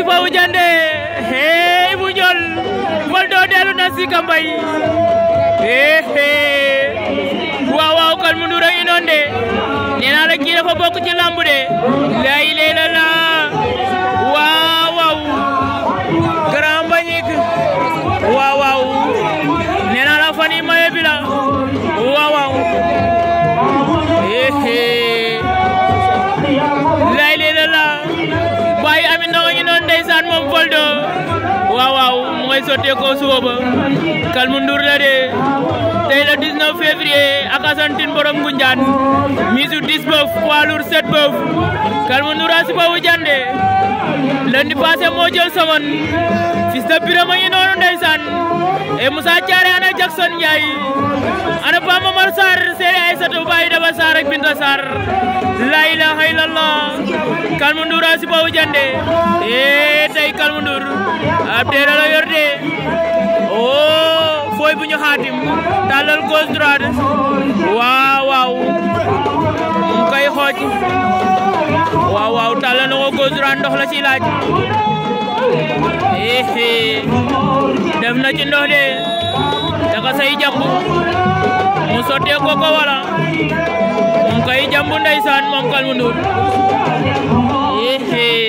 Tuba Wujande hee Ibou Ndiol Valdo dellu na si Kambay hee hee waaw waaw Kalmu Ndour a ngi noonu de bokk ci lamb de lay le waaw waaw mooy sotteekoo suba ba Kalmundur la de tey le 19 février ak Asantine borom Ngoundiane mise au 10 7 bœuf Kalmundur a suba wu jande lundi passé moo jël somon fils de Birama yi e ana Jackson yai, ana Ba Momar Sarr Séré Aïssatou Baye Daba Sarr ak Binta Sarr la ilaha illallah Kalmundur a eh. tey ab téere la yor de oh fooy bu ñu xaatim tàllal gauche droite waaw waaw mu ngi koy xooj waaw waaw tàllal na ko gauche ndox la ciy laaj eh, eh dem na ci ndox de daga say jambu sottee ko ko wala mu ngi koy jambu ndeysaan moom Calm eh, eh.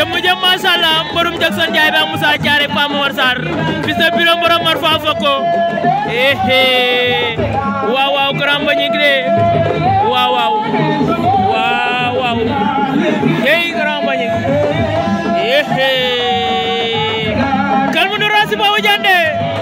jëmm jëm macha allah mborum Jackson Ndiaye ba Moussa Thiaré Pa Momar Sarr fils de Biro borom Marfa Foko eh, eh waaw waaw grand Mbagnick de waaw waaw waaw waaw hey grand Mbagnick eh calme eh. nous rasi Babou